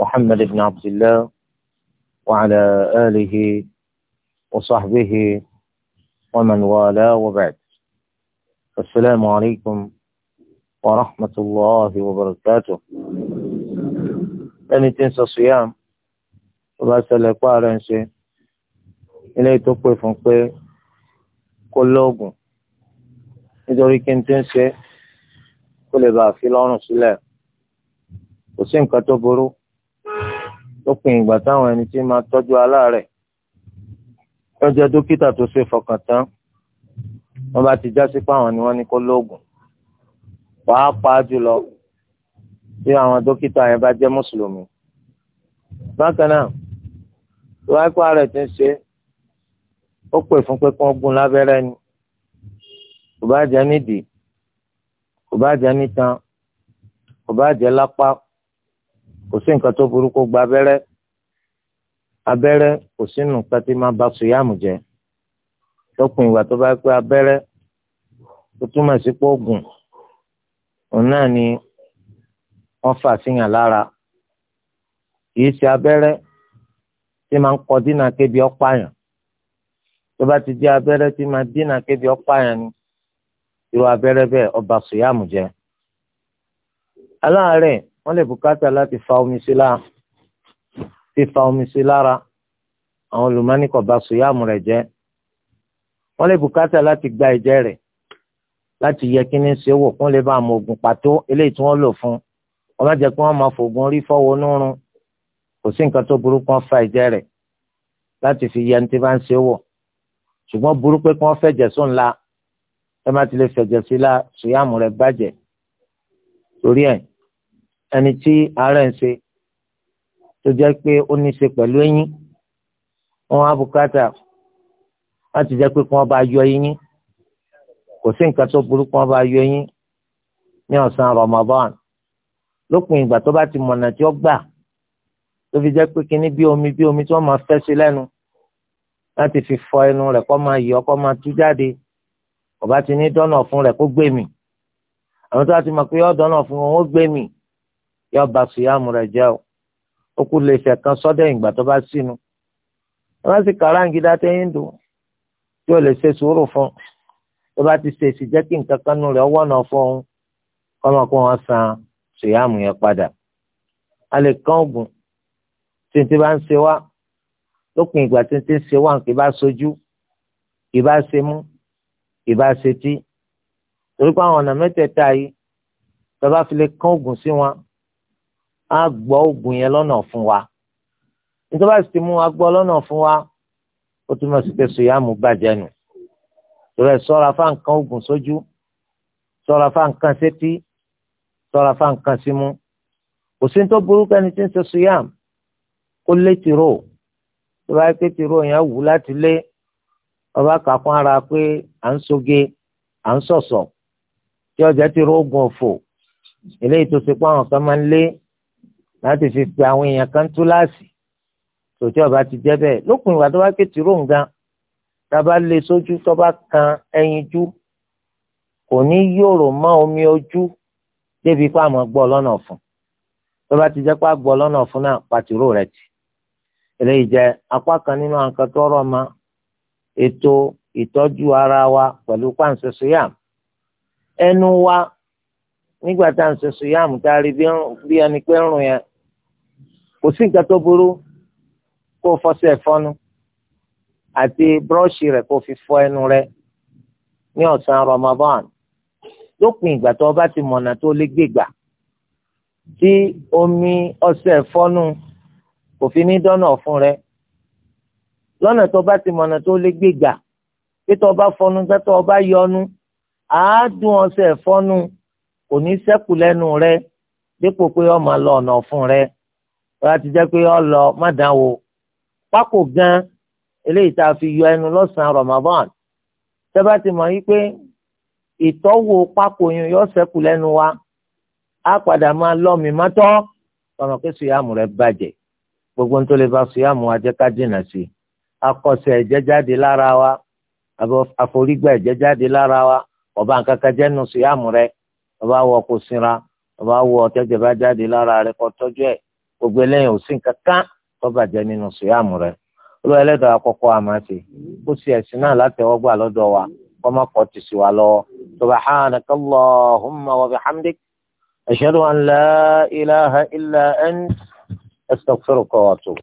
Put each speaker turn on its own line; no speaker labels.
محمد بن عبد الله وعلى آله وصحبه ومن والاه وبعد السلام عليكم ورحمة الله وبركاته ẹni tí ń sọ síyàm tó bá ṣẹlẹ̀ pa ara ń ṣe ilé tó pè fún pé kó lóògùn nítorí kí n ti ń ṣe kó lè bàa fi lọ́rùn sílẹ̀ kò sí nǹkan tó burú lópin ìgbà táwọn ẹni tí máa tọ́jú aláàárẹ̀ wọ́n jẹ́ dókítà tó ṣe fọkàn tán wọ́n bá ti já sí pé àwọn ni wọ́n ní kó lóògùn pàápàá jùlọ bí àwọn dókítà yẹn bá jẹ́ mùsùlùmí. bákan náà tó wáá kó ààrẹ ti ń ṣe ó pè fún pé kí wọ́n gún lábẹ́rẹ́ ni kò bá jẹ́ nídìí kò bá jẹ́ nítan kò bá jẹ́ lápá kò sí nǹkan tó burú gba abẹ́rẹ́ abẹ́rẹ́ kò sínú tí máa bá sùyàmù jẹ lópin ìwà tó bá pé abẹ́rẹ́ tó túmọ̀ sí pé òun náà ni wọ́n fà síyàn lára kìí ṣe abẹ́rẹ́ tí máa ń kọ dínà kébi ọ̀páyàn tó bá ti jẹ́ abẹ́rẹ́ tí máa dínà wọ́n lè bùkátà láti fa omi sí lára fífa omi sí lára àwọn olùmọ́ni kò bá sùyàmù rẹ̀ jẹ́ wọ́n lè bùkátà láti gba ẹ̀jẹ̀ rẹ̀ láti yẹ kí ní ṣe wò kún lè bá àmọ́ oògùn pàtó eléyìí tí wọ́n lò fún wọ́n má jẹ́ pé wọ́n máa fògùn orí fọ́wọ́ nírun kò sí nǹkan tó burú kí wọ́n fa ẹ̀jẹ̀ rẹ̀ láti fi yẹ ní tí bá ń ṣe wò ṣùgbọ́n burú pé kí wọ́n fẹ̀jẹ̀ sùn la ẹ má ti lè fẹ̀jẹ̀ sí la sùyàmù rẹ̀ bàjẹ́ torí ẹ̀ ẹni tí àárẹ̀ ń ṣe tó jẹ́ pé ó ní í ṣe pẹ̀lú eyín wọn á bùkátà láti jẹ́ pé kí wọ́n bá yọ eyín kò sí nǹkan tó burú kí wọ́n bá yọ eyín ní ọ̀sán Ramadan lópin ìgbà tó bá ti mọ̀nà tí ó gbà tó fi jẹ́ pé kíní bí omi bí omi tí wọ́n máa fẹ́ sí lẹ́nu láti fi fọ ẹnu rẹ̀ kó máa yọ kó máa tú jáde kò ti ní dọ́nà fún rẹ̀ kó gbé mì àwọn tó bá ti mọ̀ pé yọ dọ́nà fún wọn ó gbé mì yóò ba sùyàmù rẹ̀ jẹ́ o ó kú lè fẹ̀ kan sọ́dẹ̀ ìgbà tó bá sínú ẹ má sì kàráǹgídá tẹ́yìn dùn tí ó lè ṣe sùúrù fún tó bá ti ṣe èsì jẹ́ kí nǹkan kan nù rẹ̀ ọwọ́ náà fún un kọ́mọ kó wọn san sùyàmù yẹn padà a lè kán ògùn tí bá ń ṣe wá lópin ìgbà tí ń ṣe wá kì bá sojú kì bá ṣe mú kì bá ṣe tí torí pé àwọn ọ̀nà mẹ́tẹ̀ẹ̀ta yìí tó bá fi lè kán ògùn sí wọn á gbọ́ oògùn yẹn lọ́nà fún wa nítorí àti mú wa gbọ́ lọ́nà fún wa ó túmọ̀ sí pé sòyàmù bàjẹ́ nù torí ẹ sọ́ra fáǹkan oògùn sójú sọ́ra fáǹkan sétí sọ́ra fáǹkan símú kò sí tó burú kẹ́ni tí ń ṣe sòyàm kó lé tìró tó bá yẹ pé tìró yẹn wù láti lé ọba kà fún ara pé à ń soge à ń sọ̀sọ̀ tí ọjà tìró oògùn òfò eléyìí tó ṣe pé àwọn kan máa ń lé láti fi pe àwọn èèyàn kan tú túláàsì tòtí ọba ti jẹ́ bẹ́ẹ̀ lópin ìwà tó bá ké tìró nǹkan tába lé e sójú tó bá kan ẹyinjú kò ní yòrò mọ omi ojú débi pé àmọ́ gbọ lọnà fún tó bá ti jẹ́ pé àgbọ́ lọ́nà fún náà pàtìró rẹ̀ tì eléyìí jẹ́ apá kan nínú àǹkan tọrọ ma ètò ìtọ́jú ara wa pẹ̀lú pàǹsẹ suyam ẹnu wa nígbà tá à ń sọ suyam tá a rí bí ẹni pé ń rùn yẹn kò sí nǹkan tó burú kó o fọṣẹ ẹ̀fọ́nu àti búrọ́ọ̀ṣì rẹ̀ kó o fi fọ ẹnu rẹ̀ ní ọ̀sán Ramadan lópin ìgbà tó o bá ti mọ̀nà tó lè gbégbà tí omi ọṣẹ ẹ̀fọ́nu kò fi ní dọ́nà ọ̀fun rẹ̀ lọ́nà tó o bá ti mọ̀nà tó lè gbégbà pé tó o bá fọnu pé tó o bá yọnu àádùn ọṣẹ ẹ̀fọ́nu kò ní sẹ́kù lẹ́nu rẹ̀ dípò pé o lọ ọ̀nà ọ̀fun rẹ̀ wọ́n á ti jẹ́ pé ọlọ má dán wò pákó gan eléyìí tá a fi yọ ẹnu lọ́sàn-án Ramadan tẹ́bá ti mọ̀ yí pé ìtọ́wò pákó yun yọ sẹ́kù lẹ́nu wa á padà máa lọ́mì mọ́tọ́ ọ̀nà pé sùyàmù rẹ̀ bàjẹ́ gbogbo ń tó lè ba sùyàmù wa jẹ́ dènà sí i akọsẹ̀ ẹ̀jẹ̀ jáde lára wa àforígbà ẹ̀jẹ̀ jáde lára wa ọba nǹkan kan jẹ́ nu ọba wọ kò sinra ọba wọ ọtẹ́jẹ̀ jáde lára rẹ̀ kọ́ tọ́jú ẹ̀ gbogbo eléyìí ò sí kankan tó bàjẹ́ nínú síyàmù rẹ̀ olú ẹlẹ́dàá àkọ́kọ́ àmàṣe kó sì ẹ̀sìn náà látẹ̀wọ́gbà lọ́dọ̀ wa kó má kọ́ ti sí wa lọ́wọ́ subhanaka allahumma wa bihamdik ashhadu an la ilaha illa ant astaghfiruka wa atubu.